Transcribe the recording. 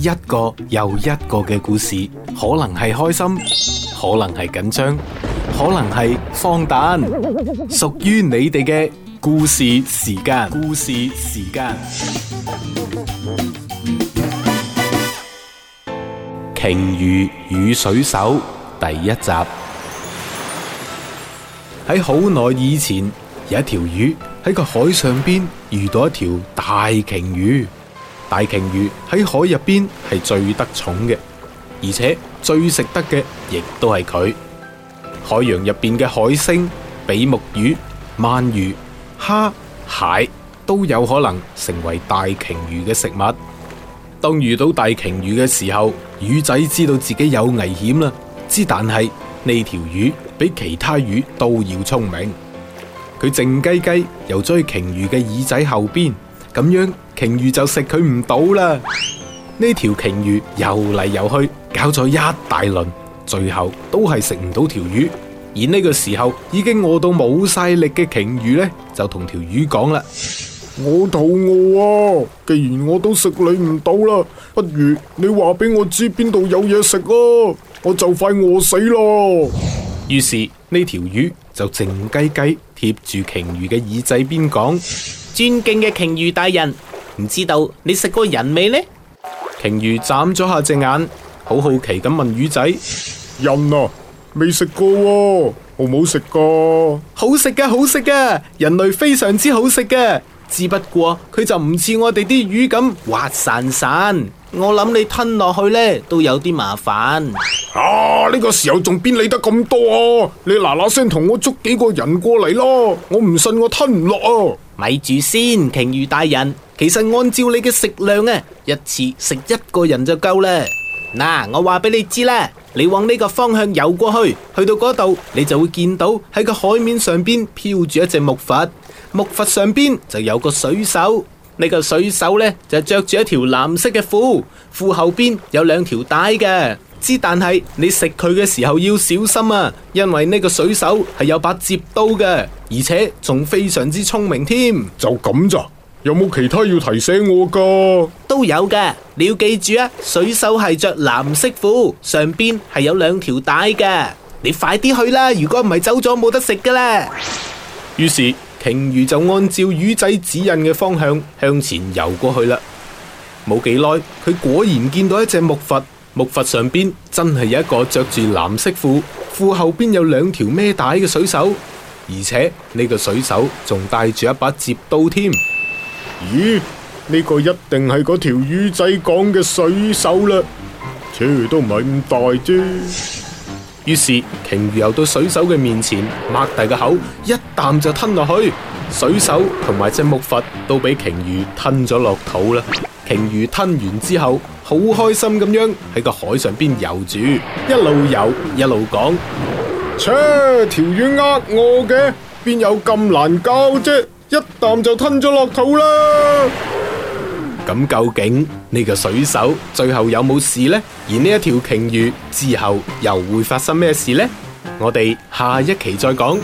一個又一個嘅故事，可能係開心，可能係緊張，可能係荒誕，屬於你哋嘅故事時間。故事時間。鯨魚與水手第一集。喺好耐以前，有一條魚喺個海上邊遇到一條大鯨魚。大鯨魚喺海入邊係最得寵嘅，而且最食得嘅亦都係佢。海洋入邊嘅海星、比目魚、鰻魚、蝦、蟹、蟹都有可能成為大鯨魚嘅食物。當遇到大鯨魚嘅時候，魚仔知道自己有危險啦。之但係呢條魚比其他魚都要聰明，佢靜雞雞游咗鯨魚嘅耳仔後邊。咁樣，鯨魚就食佢唔到啦。呢條鯨魚游嚟游去，搞咗一大輪，最後都係食唔到條魚。而呢個時候，已經餓到冇晒力嘅鯨魚呢，就同條魚講啦：我肚餓啊！既然我都食你唔到啦，不如你話俾我知邊度有嘢食啊，我就快餓死咯。於是呢條魚就靜雞雞貼住鯨魚嘅耳仔邊講。尊敬嘅鯨魚大人，唔知道你食過人未呢？鯨魚眨咗下隻眼，好好奇咁問魚仔：人啊，未食過、啊，好唔好食噶、啊？好食嘅，好食嘅，人類非常之好食嘅，只不過佢就唔似我哋啲魚咁滑潺潺，我諗你吞落去呢都有啲麻煩。啊！呢、這個時候仲邊理得咁多啊？你嗱嗱聲同我捉幾個人過嚟咯，我唔信我吞唔落啊！咪住先，鯨魚大人，其實按照你嘅食量啊，一次食一個人就夠啦。嗱，我話俾你知啦，你往呢個方向游過去，去到嗰度，你就會見到喺個海面上邊漂住一隻木筏，木筏上邊就有個水手，呢個水手呢就着住一條藍色嘅褲，褲後邊有兩條帶嘅。之，但係你食佢嘅時候要小心啊！因為呢個水手係有把折刀嘅，而且仲非常之聰明添，啊。就咁咋？有冇其他要提醒我噶？都有嘅，你要記住啊！水手係着藍色褲，上邊係有兩條帶嘅。你快啲去啦！如果唔係走咗，冇得食噶啦。於是鯨魚就按照魚仔指引嘅方向向前游過去啦。冇幾耐，佢果然見到一隻木筏。木筏上邊真係有一個着住藍色褲、褲後邊有兩條咩帶嘅水手，而且呢個水手仲帶住一把折刀添。咦？呢個一定係嗰條魚仔講嘅水手啦，切都唔係咁大啫。於是鯨魚游到水手嘅面前，擘大個口，一啖就吞落去。水手同埋隻木筏都俾鯨魚吞咗落肚啦。鯨魚吞完之後，好開心咁樣喺個海上邊遊住，一路遊一路講：切，條魚呃我嘅，邊有咁難搞啫？一啖就吞咗落肚啦！咁、嗯、究竟呢、呢個水手最後有冇事呢？而呢一條鯨魚之後又會發生咩事呢？我哋下一期再講。